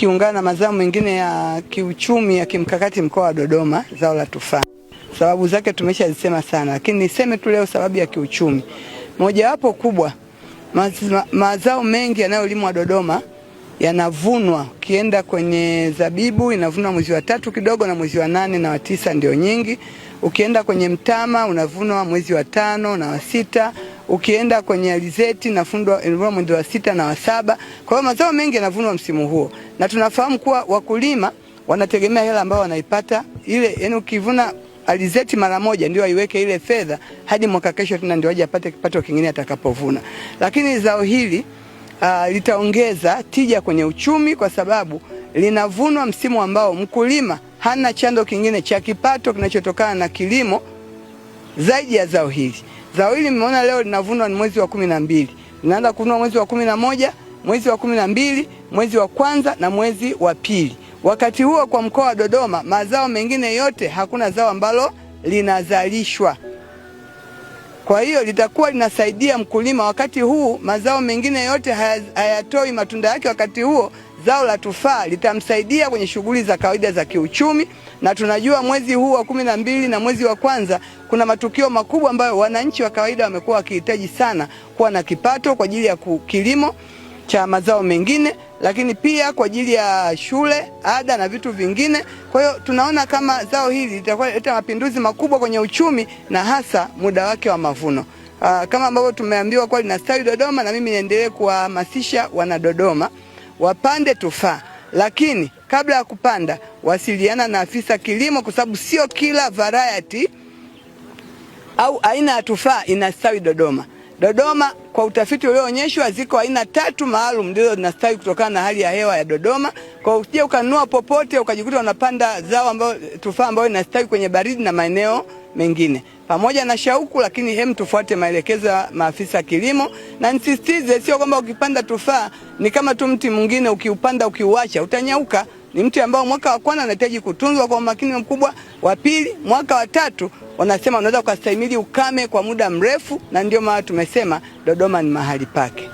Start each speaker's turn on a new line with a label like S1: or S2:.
S1: kiungana na mazao mengine ya kiuchumi ya kimkakati mkoa wa Dodoma, zao la tufaa. Sababu zake tumeshazisema sana, lakini niseme tu leo sababu ya kiuchumi mojawapo kubwa, mazao mengi yanayolimwa Dodoma yanavunwa ukienda kwenye zabibu inavunwa mwezi wa tatu kidogo na mwezi wa nane na wa tisa ndio nyingi. Ukienda kwenye mtama unavunwa mwezi wa tano na wa sita ukienda kwenye alizeti nafundwa mwezi wa sita na wa saba. Kwa hiyo mazao mengi yanavunwa msimu huo, na tunafahamu kuwa wakulima wanategemea hela ambayo wanaipata ile, yani ukivuna alizeti mara moja ndio aiweke ile fedha hadi mwaka kesho tena ndio aje apate kipato kingine atakapovuna. Lakini zao hili uh, litaongeza tija kwenye uchumi kwa sababu linavunwa msimu ambao mkulima hana chando kingine cha kipato kinachotokana na kilimo zaidi ya zao hili. Zao hili mmeona leo linavunwa ni mwezi wa kumi na mbili, linaanza kuvunwa mwezi wa kumi na moja, mwezi wa kumi na mbili, mwezi wa kwanza na mwezi wa pili. Wakati huo kwa mkoa wa Dodoma, mazao mengine yote hakuna zao ambalo linazalishwa. Kwa hiyo litakuwa linasaidia mkulima wakati huu, mazao mengine yote hayatoi matunda yake wakati huo, zao la tufaa litamsaidia kwenye shughuli za kawaida za kiuchumi na tunajua mwezi huu wa kumi na mbili na mwezi wa kwanza kuna matukio makubwa ambayo wananchi wa kawaida wamekuwa wakihitaji sana kuwa na kipato kwa ajili ya kilimo cha mazao mengine, lakini pia kwa ajili ya shule, ada na vitu vingine. Kwa hiyo tunaona kama zao hili leta mapinduzi makubwa kwenye uchumi na hasa muda wake wa mavuno. Aa, ah, kama ambavyo tumeambiwa kwa linastawi Dodoma, na mimi niendelee kuwahamasisha wana Dodoma wapande tufaa lakini kabla ya kupanda wasiliana na afisa kilimo, kwa sababu sio kila variety au aina ya tufaa inastawi Dodoma. Dodoma kwa utafiti ulioonyeshwa, ziko aina tatu maalum ndizo zinastawi kutokana na hali ya hewa ya Dodoma. Kwa hiyo ukanunua popote ukajikuta unapanda zao ambao tufaa ambayo inastawi kwenye baridi na maeneo mengine pamoja na shauku, lakini hem, tufuate maelekezo ya maafisa kilimo, na nisisitize, sio kwamba ukipanda tufaa ni kama tu mti mwingine, ukiupanda ukiuacha utanyauka. Ni mti ambao mwaka wa kwanza unahitaji kutunzwa kwa umakini mkubwa, wa pili, mwaka wa tatu wanasema unaweza kustahimili ukame kwa muda mrefu, na ndio maana tumesema Dodoma ni mahali pake.